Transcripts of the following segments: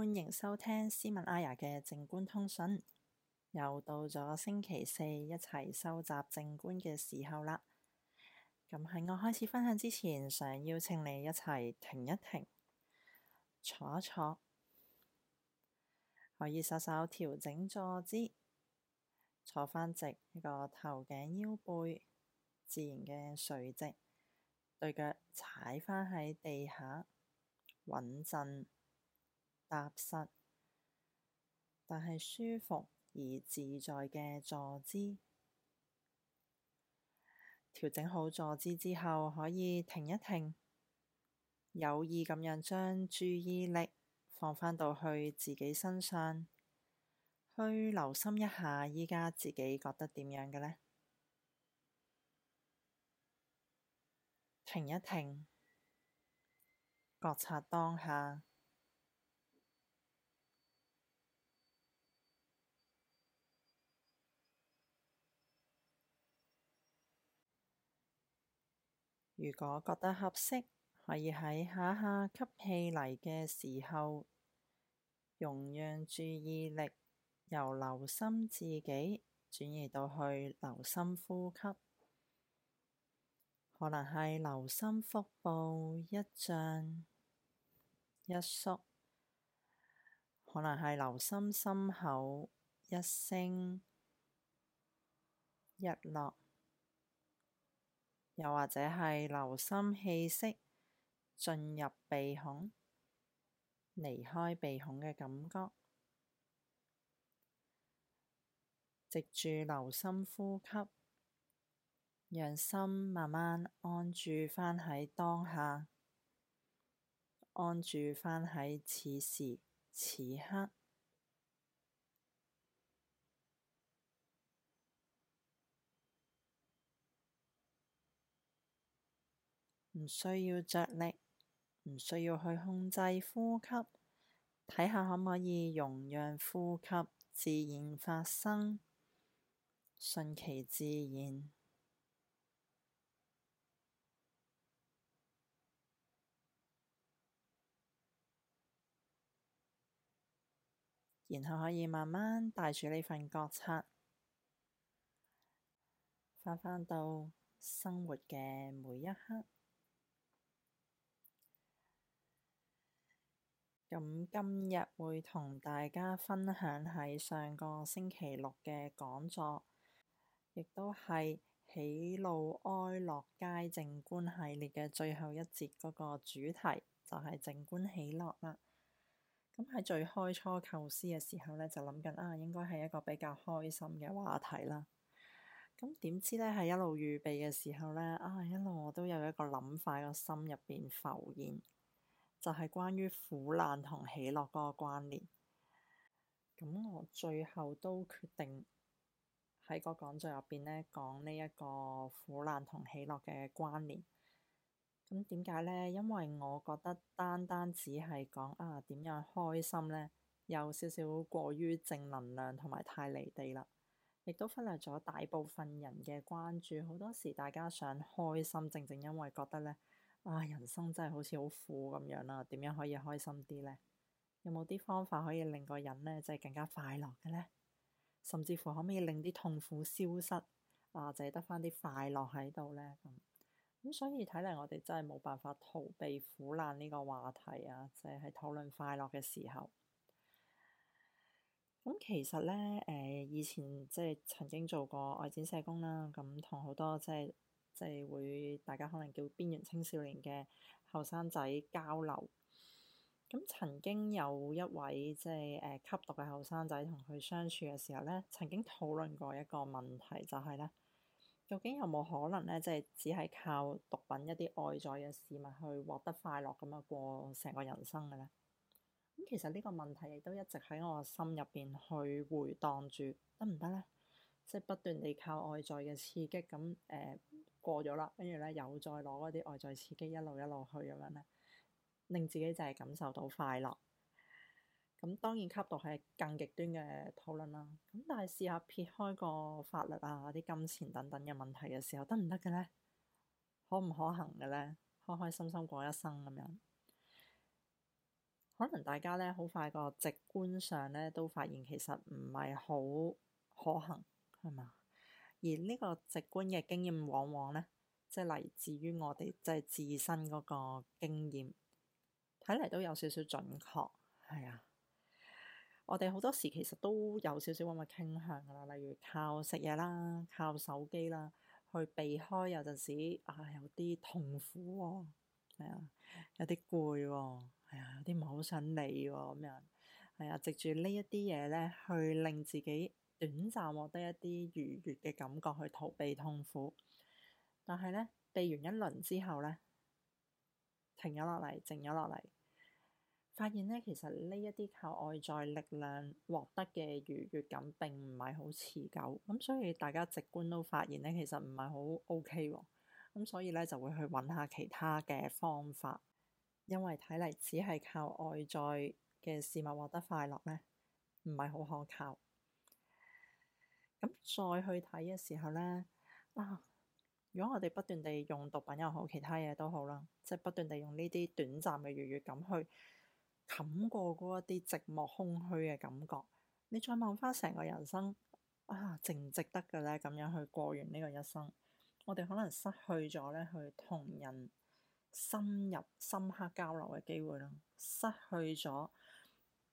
歡迎收聽斯文阿雅嘅靜觀通訊，又到咗星期四一齊收集靜觀嘅時候啦。咁喺我開始分享之前，想邀請你一齊停一停，坐一坐，可以稍稍調整坐姿，坐翻直呢個頭頸腰背，自然嘅垂直，對腳踩返喺地下，穩陣。踏實，但係舒服而自在嘅坐姿。調整好坐姿之後，可以停一停，有意咁樣將注意力放返到去自己身上，去留心一下依家自己覺得點樣嘅呢？停一停，覺察當下。如果覺得合適，可以喺下下吸氣嚟嘅時候，容讓注意力由留心自己轉移到去留心呼吸。可能係留心腹部一脹一縮，可能係留心心口一升一落。又或者係留心氣息進入鼻孔、離開鼻孔嘅感覺，藉住留心呼吸，讓心慢慢安住返喺當下，安住返喺此時此刻。唔需要着力，唔需要去控制呼吸，睇下可唔可以容讓呼吸自然發生，順其自然，然後可以慢慢帶住呢份覺察，翻返到生活嘅每一刻。咁今日會同大家分享喺上個星期六嘅講座，亦都係喜怒哀樂皆靜觀系列嘅最後一節嗰個主題，就係靜觀喜樂啦。咁喺最開初構思嘅時候呢，就諗緊啊，應該係一個比較開心嘅話題啦。咁點知呢，係一路預備嘅時候呢，啊一路我都有一個諗法，個心入邊浮現。就係關於苦難同喜樂嗰個關聯。咁我最後都決定喺個講座入邊呢，講呢一個苦難同喜樂嘅關聯。咁點解呢？因為我覺得單單只係講啊點樣開心呢，有少少過於正能量同埋太離地啦，亦都忽略咗大部分人嘅關注。好多時大家想開心，正正因為覺得呢。哇、啊！人生真係好似好苦咁樣啦，點樣可以開心啲呢？有冇啲方法可以令個人呢？即、就、係、是、更加快樂嘅呢？甚至乎可唔可以令啲痛苦消失？啊，就係得翻啲快樂喺度呢？咁、嗯、所以睇嚟我哋真係冇辦法逃避苦難呢個話題啊，就係、是、討論快樂嘅時候。咁、嗯、其實呢，呃、以前即係曾經做過外展社工啦，咁同好多即係。即係會大家可能叫邊緣青少年嘅後生仔交流。咁曾經有一位即係誒、呃、吸毒嘅後生仔同佢相處嘅時候咧，曾經討論過一個問題，就係、是、咧，究竟有冇可能咧，即係只係靠毒品一啲外在嘅事物去獲得快樂，咁樣過成個人生嘅咧？咁其實呢個問題亦都一直喺我心入邊去回蕩住，得唔得咧？即係不斷地靠外在嘅刺激，咁誒。過咗啦，跟住咧又再攞嗰啲外在刺激，一路一路去咁樣咧，令自己就係感受到快樂。咁當然，吸毒係更極端嘅討論啦。咁但係試下撇開個法律啊、啲金錢等等嘅問題嘅時候，得唔得嘅呢？可唔可行嘅呢？開開心心過一生咁樣，可能大家咧好快個直觀上咧都發現其實唔係好可行，係嘛？而呢個直觀嘅經驗，往往呢，即係嚟自於我哋即係自身嗰個經驗，睇嚟都有少少準確，係啊。我哋好多時其實都有少少咁嘅傾向㗎啦，例如靠食嘢啦，靠手機啦，去避開有陣時啊有啲痛苦喎，係啊，有啲攰喎，係啊，有啲唔係好想理喎、哦、咁樣，係啊，藉住呢一啲嘢呢，去令自己，短暫獲得一啲愉悦嘅感覺，去逃避痛苦。但係呢，避完一輪之後呢，停咗落嚟，靜咗落嚟，發現呢，其實呢一啲靠外在力量獲得嘅愉悦感，並唔係好持久。咁所以大家直觀都發現呢，其實唔係好 OK 喎。咁所以呢，就會去揾下其他嘅方法，因為睇嚟只係靠外在嘅事物獲得快樂呢，唔係好可靠。咁再去睇嘅時候呢，啊，如果我哋不斷地用毒品又好，其他嘢都好啦，即係不斷地用呢啲短暫嘅愉悅感去冚過嗰一啲寂寞空虛嘅感覺，你再望翻成個人生啊，值唔值得嘅呢？咁樣去過完呢個一生，我哋可能失去咗呢去同人深入深刻交流嘅機會啦，失去咗。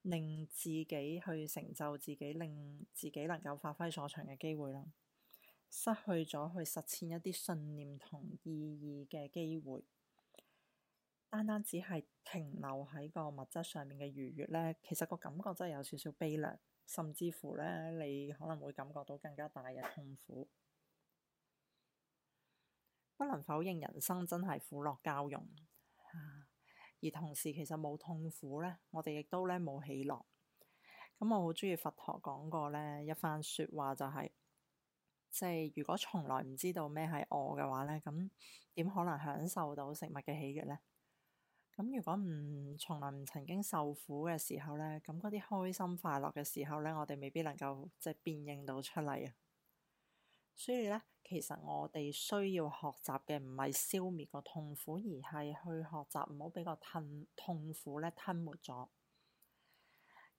令自己去成就自己，令自己能夠發揮所長嘅機會啦，失去咗去實踐一啲信念同意義嘅機會，單單只係停留喺個物質上面嘅愉悅呢，其實個感覺真係有少少悲涼，甚至乎呢，你可能會感覺到更加大嘅痛苦。不能否認人生真係苦樂交融。而同時，其實冇痛苦呢，我哋亦都呢冇喜樂。咁我好中意佛陀講過呢一番説話，就係，就係即係如果從來唔知道咩係餓嘅話呢，咁點可能享受到食物嘅喜悅呢？咁如果唔從來唔曾經受苦嘅時候呢，咁嗰啲開心快樂嘅時候呢，我哋未必能夠即係辨認到出嚟啊！所以咧，其實我哋需要學習嘅唔係消滅個痛苦，而係去學習唔好俾個痛苦咧吞沒咗。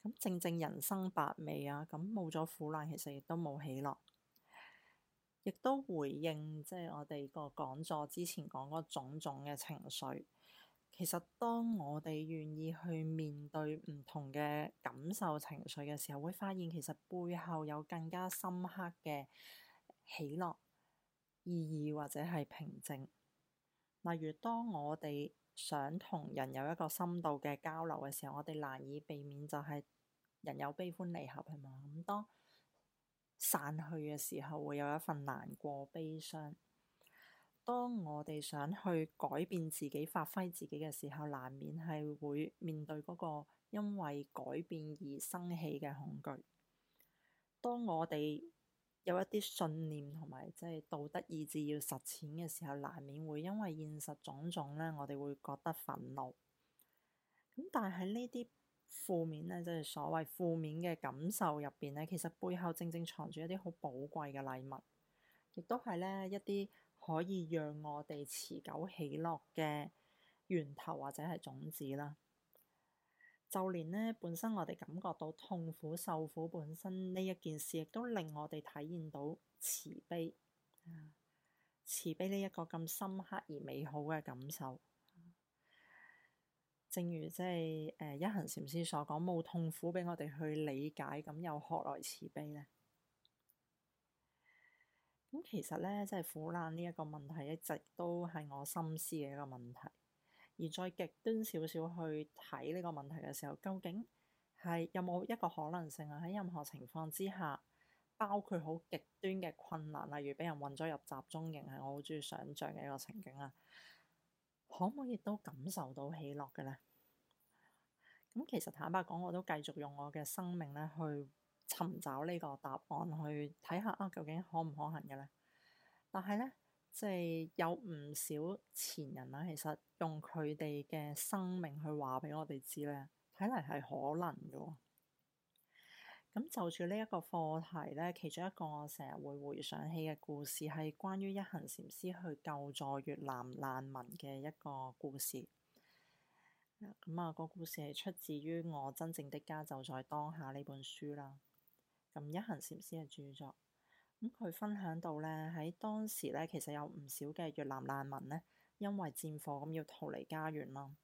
咁正正人生百味啊，咁冇咗苦難，其實亦都冇喜樂，亦都回應即係、就是、我哋個講座之前講嗰種種嘅情緒。其實當我哋願意去面對唔同嘅感受情緒嘅時候，會發現其實背後有更加深刻嘅。喜樂、意義或者係平靜，例如當我哋想同人有一個深度嘅交流嘅時候，我哋難以避免就係人有悲歡離合，係嘛？咁當散去嘅時候，會有一份難過悲傷。當我哋想去改變自己、發揮自己嘅時候，難免係會面對嗰個因為改變而生起嘅恐懼。當我哋有一啲信念同埋即係道德意志要實踐嘅時候，難免會因為現實種種咧，我哋會覺得憤怒。咁但係呢啲負面咧，即係所謂負面嘅感受入邊咧，其實背後正正藏住一啲好寶貴嘅禮物，亦都係咧一啲可以讓我哋持久喜樂嘅源頭或者係種子啦。就連呢本身我哋感覺到痛苦受苦本身呢一件事，亦都令我哋體驗到慈悲，慈悲呢一個咁深刻而美好嘅感受。正如即係誒一行禪師所講，冇痛苦畀我哋去理解，咁又何來慈悲呢？咁其實呢，即係苦難呢一,一個問題，一直都係我心思嘅一個問題。而再極端少少去睇呢個問題嘅時候，究竟係有冇一個可能性啊？喺任何情況之下，包括好極端嘅困難，例如俾人混咗入集中營，係我好中意想像嘅一個情景啊！可唔可以都感受到喜樂嘅呢？咁其實坦白講，我都繼續用我嘅生命咧去尋找呢個答案，去睇下啊，究竟可唔可行嘅呢？但係呢。即係有唔少前人啦，其實用佢哋嘅生命去話俾我哋知呢，睇嚟係可能嘅喎。咁就住呢一個課題呢，其中一個我成日會回想起嘅故事，係關於一行禪師去救助越南難民嘅一個故事。咁啊，個故事係出自於我真正的家就在當下呢本書啦。咁一行禪師嘅著作。咁佢分享到呢，喺當時呢，其實有唔少嘅越南難民呢，因為戰火咁要逃離家園咯。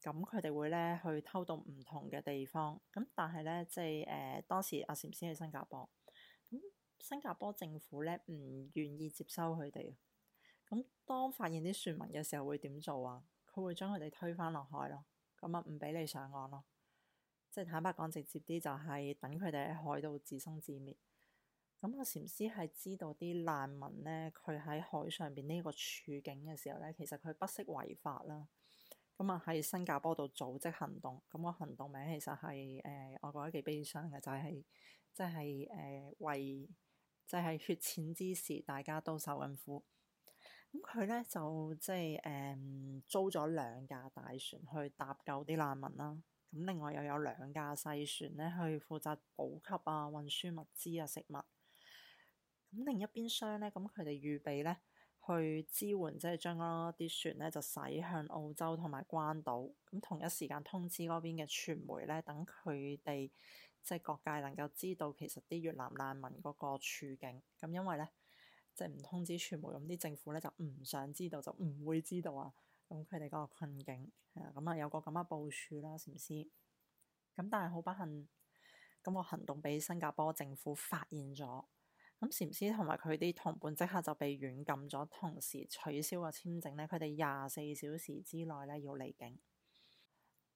咁佢哋會呢去偷渡唔同嘅地方，咁但係呢，即係誒、呃，當時阿禪先去新加坡，咁新加坡政府呢唔願意接收佢哋。咁當發現啲船民嘅時候會點做啊？佢會將佢哋推返落海咯，咁啊唔俾你上岸咯，即係坦白講直接啲就係等佢哋喺海度自生自滅。咁個禪師係知道啲難民咧，佢喺海上邊呢個處境嘅時候咧，其實佢不惜違法啦。咁啊，喺新加坡度組織行動，咁個行動名其實係誒、呃，我覺得幾悲傷嘅，就係即係誒為即係、就是、血錢之時，大家都受緊苦。咁佢咧就即係誒、嗯、租咗兩架大船去搭救啲難民啦。咁另外又有兩架細船咧去負責補給啊、運輸物資啊、食物。咁另一邊廂咧，咁佢哋預備咧去支援，即係將嗰啲船咧就駛向澳洲同埋關島。咁同一時間通知嗰邊嘅傳媒咧，等佢哋即係各界能夠知道其實啲越南難民嗰個處境。咁因為咧即係唔通知傳媒，咁啲政府咧就唔想知道，就唔會知道啊。咁佢哋個困境係啊，咁啊有個咁嘅部署啦，係唔係？咁但係好不幸，咁個行動俾新加坡政府發現咗。咁禪師同埋佢啲同伴即刻就被軟禁咗，同時取消個簽證呢，佢哋廿四小時之內呢要離境。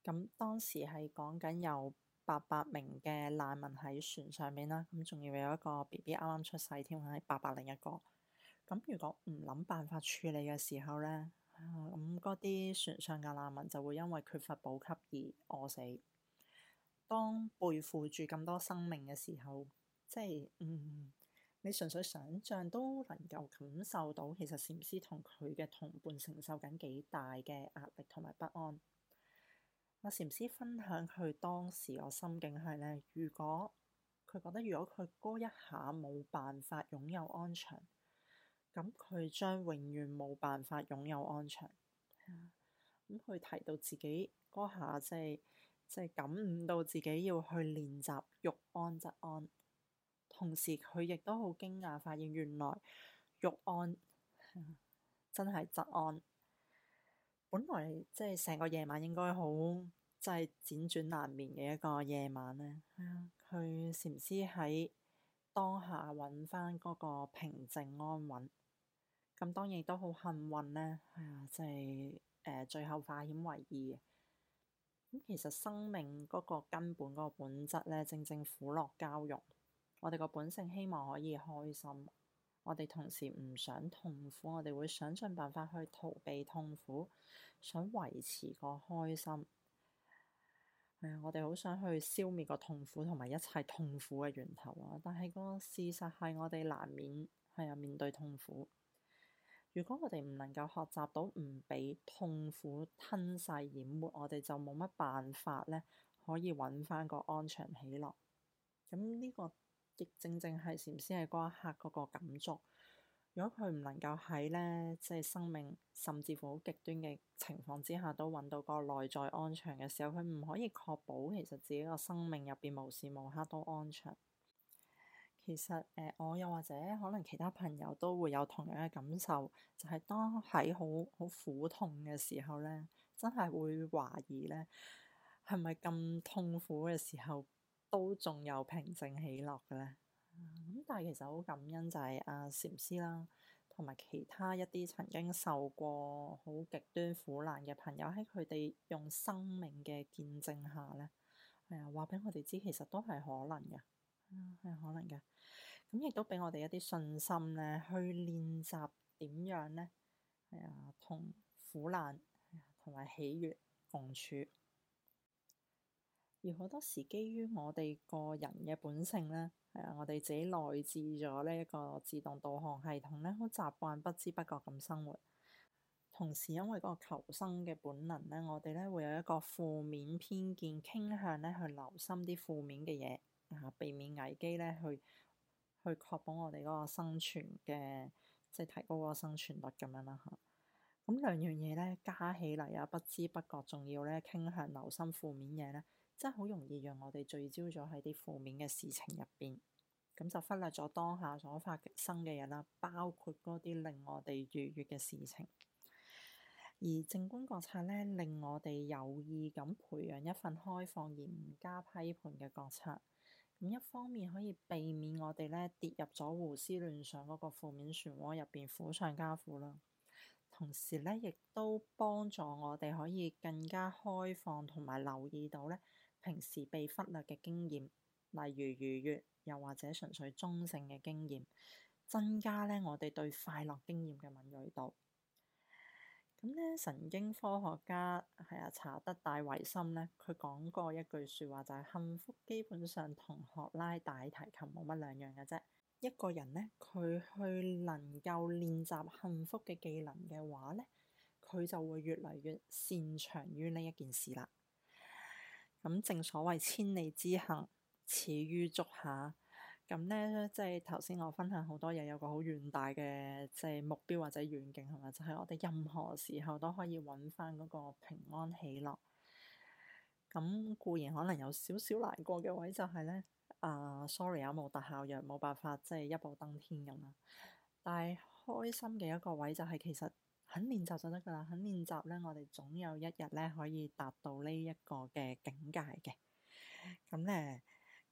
咁當時係講緊有八百名嘅難民喺船上面啦，咁仲要有一個 BB 啱啱出世添，係八百零一個。咁如果唔諗辦法處理嘅時候呢，咁嗰啲船上嘅難民就會因為缺乏補給而餓死。當背負住咁多生命嘅時候，即係嗯。你純粹想像都能夠感受到，其實禪師同佢嘅同伴承受緊幾大嘅壓力同埋不安。阿禪師分享佢當時個心境係呢，如果佢覺得如果佢嗰一下冇辦法擁有安詳，咁佢將永遠冇辦法擁有安詳。咁、啊、佢、嗯、提到自己嗰下即係即係感悟到自己要去練習欲安則安。同時，佢亦都好驚訝，發現原來欲案真係質安。本來即係成個夜晚應該好即係輾轉難眠嘅一個夜晚呢，佢禪師喺當下揾返嗰個平靜安穩。咁當然都好幸運呢，係啊，即係、呃、最後化險為夷。其實生命嗰個根本嗰個本質呢，正正苦樂交融。我哋個本性希望可以開心，我哋同時唔想痛苦，我哋會想盡辦法去逃避痛苦，想維持個開心。嗯，我哋好想去消滅個痛苦同埋一切痛苦嘅源頭啊！但係個事實係，我哋難免係啊，面對痛苦。如果我哋唔能夠學習到唔俾痛苦吞噬淹沒，我哋就冇乜辦法呢，可以搵翻個安詳喜樂。咁呢這個。正正係禪師喺嗰一刻嗰個感觸，如果佢唔能夠喺呢，即係生命甚至乎好極端嘅情況之下，都揾到個內在安詳嘅時候，佢唔可以確保其實自己個生命入邊無時無刻都安詳。其實誒、呃，我又或者可能其他朋友都會有同樣嘅感受，就係、是、當喺好好苦痛嘅時候呢，真係會懷疑呢，係咪咁痛苦嘅時候，都仲有平靜喜樂嘅咧，咁但係其實好感恩就係阿禪師啦，同埋其他一啲曾經受過好極端苦難嘅朋友，喺佢哋用生命嘅見證下咧，係啊，話俾我哋知其實都係可能嘅，係啊，可能嘅，咁亦都俾我哋一啲信心咧，去練習點樣咧，係啊，同苦難同埋啊，喜悅共處。而好多時基於我哋個人嘅本性咧，係啊，我哋自己內置咗呢一個自動導航系統咧，好習慣不知不覺咁生活。同時因為嗰個求生嘅本能咧，我哋咧會有一個負面偏見傾向咧，去留心啲負面嘅嘢啊，避免危機咧，去去確保我哋嗰個生存嘅，即係提高個生存率咁樣啦吓。咁兩樣嘢咧加起嚟啊，不知不覺仲要咧傾向留心負面嘢咧，真係好容易讓我哋聚焦咗喺啲負面嘅事情入邊，咁就忽略咗當下所發生嘅嘢啦，包括嗰啲令我哋愉悅嘅事情。而靜觀覺察呢，令我哋有意咁培養一份開放而唔加批判嘅覺察，咁一方面可以避免我哋呢跌入咗胡思亂想嗰個負面漩渦入邊，苦上加苦啦。同時呢，亦都幫助我哋可以更加開放同埋留意到呢。平時被忽略嘅經驗，例如愉悅，又或者純粹中性嘅經驗，增加呢我哋對快樂經驗嘅敏鋭度。咁呢，神經科學家係啊查德戴維森呢，佢講過一句説話就係幸福基本上同學拉大提琴冇乜兩樣嘅啫。一個人呢，佢去能夠練習幸福嘅技能嘅話呢，佢就會越嚟越擅長於呢一件事啦。咁正所謂千里之行，始於足下。咁呢，即係頭先我分享好多嘢，有個好遠大嘅即係目標或者遠景，係咪？就係我哋任何時候都可以揾翻嗰個平安喜樂。咁固然可能有少少難過嘅位，就係，就係呢啊，sorry 啊，冇特效藥，冇辦法即係一步登天咁啦。但係開心嘅一個位就係、係、其實。肯練習就得㗎喇，肯練習咧，我哋總有一日咧可以達到呢一個嘅境界嘅。咁咧，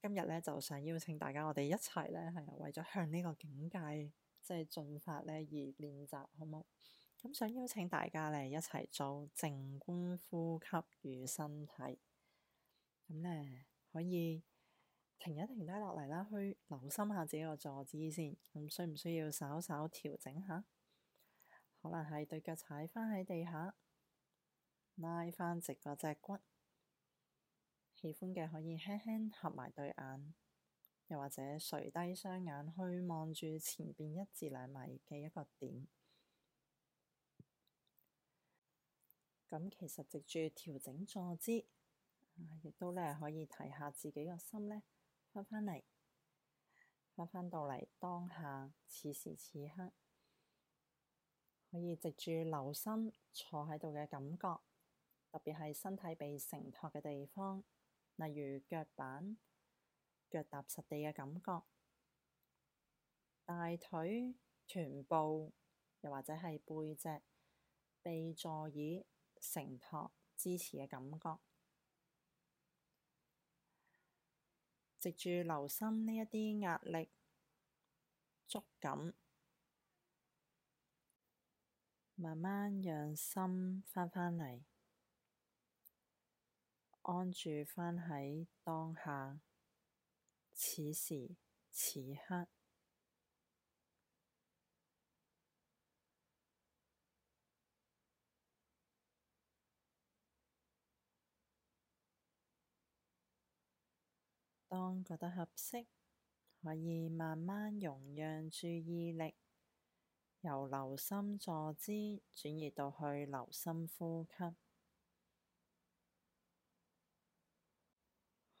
今日咧就想邀請大家我，我哋一齊咧係為咗向呢個境界即係進發咧而練習，好冇？咁想邀請大家咧一齊做靜觀呼吸與身體。咁咧可以停一停低落嚟啦，去留心下自己個坐姿先。咁需唔需要稍稍調整下？可能係對腳踩返喺地下，拉返直個脊骨，喜歡嘅可以輕輕合埋對眼，又或者垂低雙眼去望住前邊一至兩米嘅一個點。咁其實藉住調整坐姿，亦都呢可以提下自己個心呢。返返嚟，返返到嚟當下，此時此刻。可以藉住留心坐喺度嘅感覺，特別係身體被承托嘅地方，例如腳板、腳踏實地嘅感覺、大腿、臀部，又或者係背脊被座椅承托支持嘅感覺，藉住留心呢一啲壓力、觸感。慢慢讓心翻返嚟，安住翻喺當下、此時此刻。當覺得合適，可以慢慢容讓注意力。由留心坐姿轉移到去留心呼吸，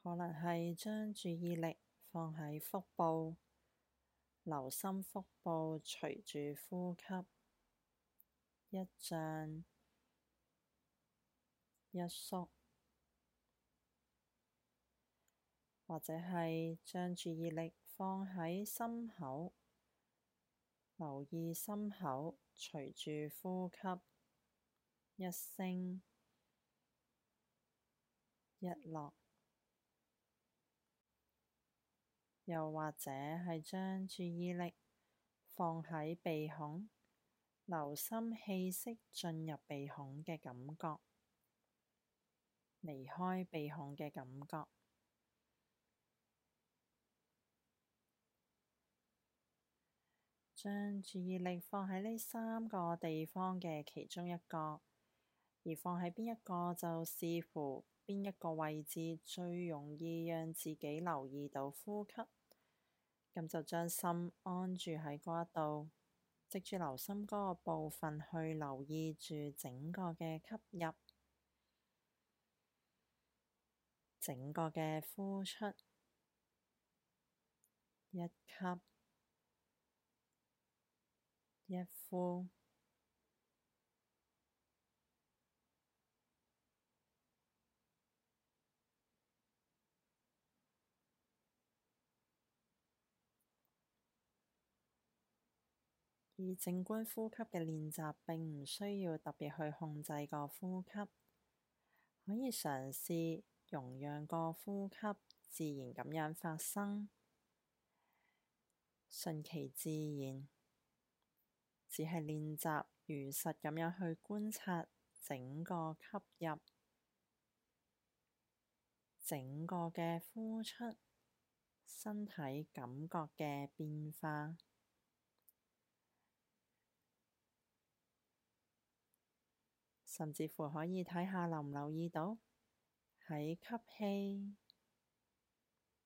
可能係將注意力放喺腹部，留心腹部隨住呼吸一脹一縮，或者係將注意力放喺心口。留意心口，隨住呼吸一升一落，又或者係將注意力放喺鼻孔，留心氣息進入鼻孔嘅感覺，離開鼻孔嘅感覺。將注意力放喺呢三個地方嘅其中一個，而放喺邊一個就視乎邊一個位置最容易讓自己留意到呼吸，咁就將心安住喺嗰度，藉住留心嗰個部分去留意住整個嘅吸入、整個嘅呼出、一吸。一呼，以正觀呼吸嘅練習，並唔需要特別去控制個呼吸，可以嘗試容讓個呼吸自然咁樣發生，順其自然。只係練習，如實咁樣去觀察整個吸入、整個嘅呼出、身體感覺嘅變化，甚至乎可以睇下，留唔留意到喺吸氣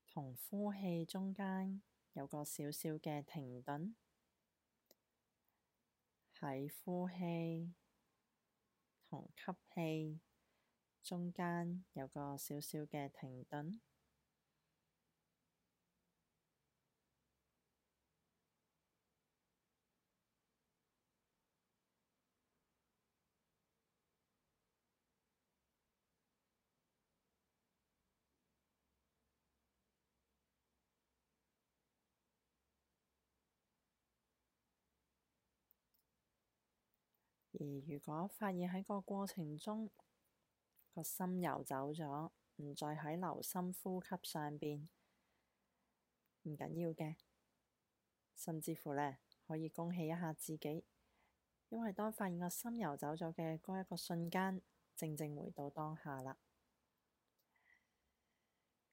同呼氣中間有個小小嘅停頓。喺呼氣同吸氣中間有個小小嘅停頓。而如果發現喺個過程中個心游走咗，唔再喺留心呼吸上邊，唔緊要嘅，甚至乎呢，可以恭喜一下自己，因為當發現個心游走咗嘅嗰一個瞬間，正正回到當下啦，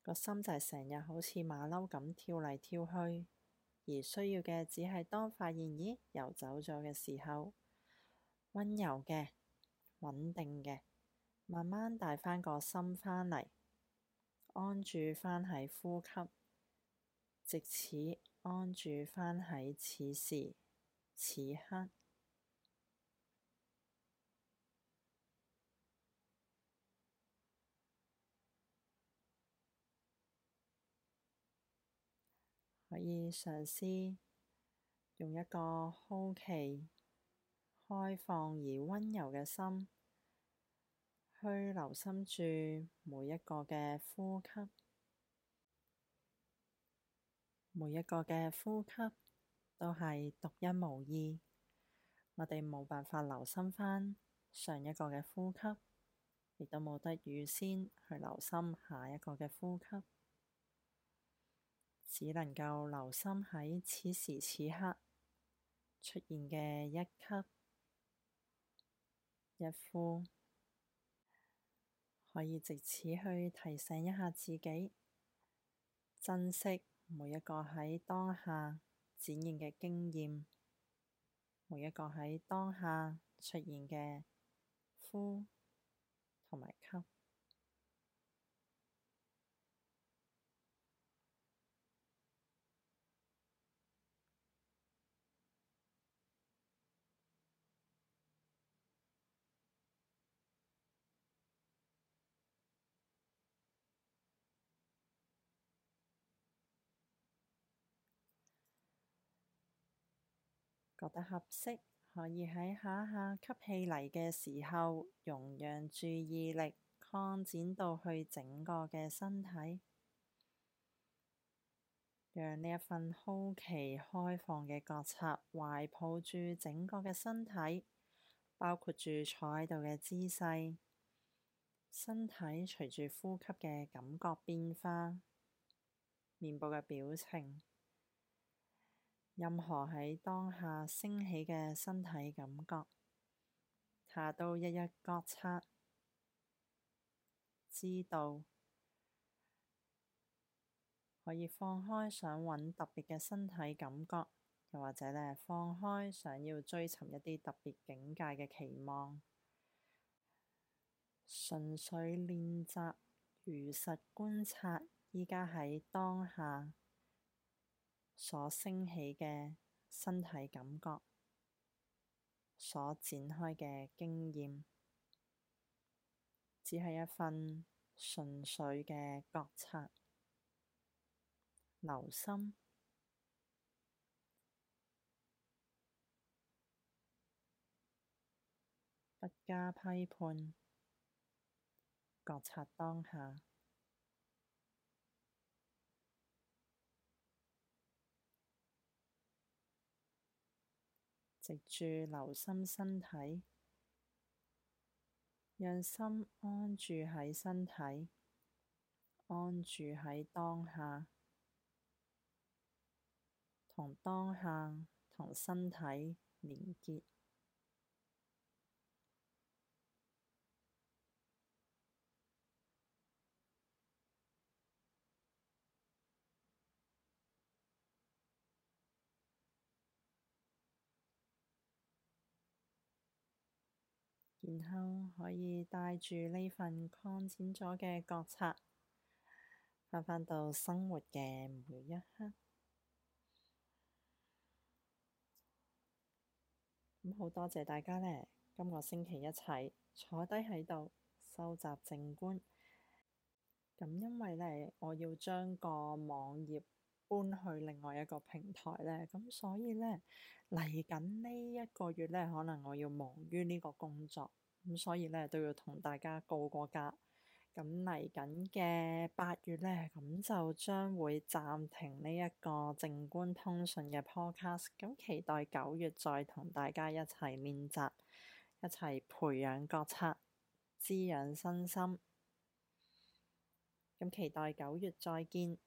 個心就係成日好似馬騮咁跳嚟跳去，而需要嘅只係當發現，咦，游走咗嘅時候。温柔嘅、穩定嘅，慢慢帶翻個心翻嚟，安住翻喺呼吸，直至安住翻喺此時此刻，可以嘗試用一個好奇。開放而温柔嘅心，去留心住每一個嘅呼吸。每一個嘅呼吸都係獨一無二。我哋冇辦法留心返上一個嘅呼吸，亦都冇得預先去留心下一個嘅呼吸，只能夠留心喺此時此刻出現嘅一吸。一呼可以借此去提醒一下自己，珍惜每一個喺當下展現嘅經驗，每一個喺當下出現嘅呼同埋吸。覺得合適，可以喺下下吸氣嚟嘅時候，容讓注意力擴展到去整個嘅身體，讓呢一份好奇、開放嘅覺察懷抱住整個嘅身體，包括住坐喺度嘅姿勢、身體隨住呼吸嘅感覺變化、面部嘅表情。任何喺當下升起嘅身體感覺，下到一一覺察，知道可以放開想揾特別嘅身體感覺，又或者呢放開想要追尋一啲特別境界嘅期望，純粹練習，如實觀察，依家喺當下。所升起嘅身體感覺，所展開嘅經驗，只係一份純粹嘅覺察。留心，不加批判，覺察當下。持住留心身體，讓心安住喺身體，安住喺當下，同當下同身體連結。然後可以帶住呢份擴展咗嘅覺察，翻返到生活嘅每一刻。咁好、嗯、多謝大家呢。今個星期一齊坐低喺度收集靜觀。咁、嗯、因為呢，我要將個網頁搬去另外一個平台呢。咁所以呢，嚟緊呢一個月呢，可能我要忙於呢個工作。咁、嗯、所以咧都要同大家告過假、嗯嗯、個假。咁嚟緊嘅八月咧，咁就將會暫停呢一個靜觀通訊嘅 podcast、嗯。咁期待九月再同大家一齊練習，一齊培養覺察，滋養身心。咁、嗯、期待九月再見。